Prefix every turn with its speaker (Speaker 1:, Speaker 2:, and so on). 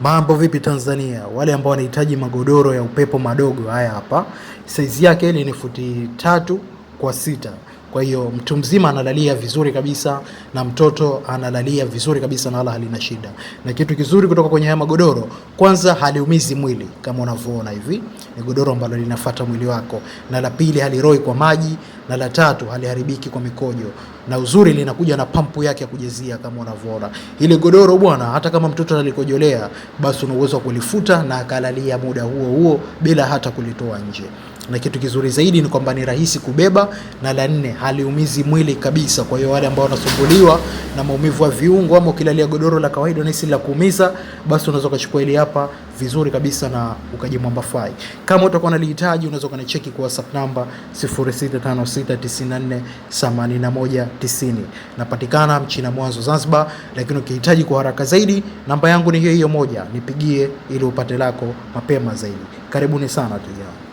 Speaker 1: Mambo vipi Tanzania, wale ambao wanahitaji magodoro ya upepo madogo, haya hapa, saizi yake ile ni futi tatu kwa sita. Kwa hiyo mtu mzima analalia vizuri kabisa na mtoto analalia vizuri kabisa na wala halina shida. Na kitu kizuri kutoka kwenye haya magodoro, kwanza haliumizi mwili kama unavyoona hivi, ni godoro ambalo linafuata mwili wako, na la pili haliroi kwa maji, na la tatu haliharibiki kwa mikojo, na uzuri linakuja na pampu yake ya kujezia kama unavyoona. Ile godoro bwana, hata kama mtoto alikojolea, basi una uwezo wa kulifuta na akalalia muda huo huo bila hata kulitoa nje na kitu kizuri zaidi ni kwamba ni rahisi kubeba, na la nne haliumizi mwili kabisa. Kwa hiyo wale ambao wanasumbuliwa na maumivu ya viungo ama ukilalia godoro la kawaida na unahisi la kuumiza, basi unaweza ukachukua hili hapa vizuri kabisa na ukajimwambafai. Kama utakuwa unalihitaji, unaweza ukanicheki kwa WhatsApp namba 0656948190. Napatikana Mchina Mwanzo Zanzibar, lakini ukihitaji kwa haraka zaidi, namba yangu ni hiyo hiyo moja, nipigie ili upate lako mapema zaidi. Karibuni sana tujao.